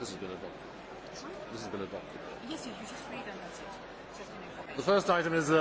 This has been adopted. This has been adopted. Yes, you just read and that's it. The first item is. Uh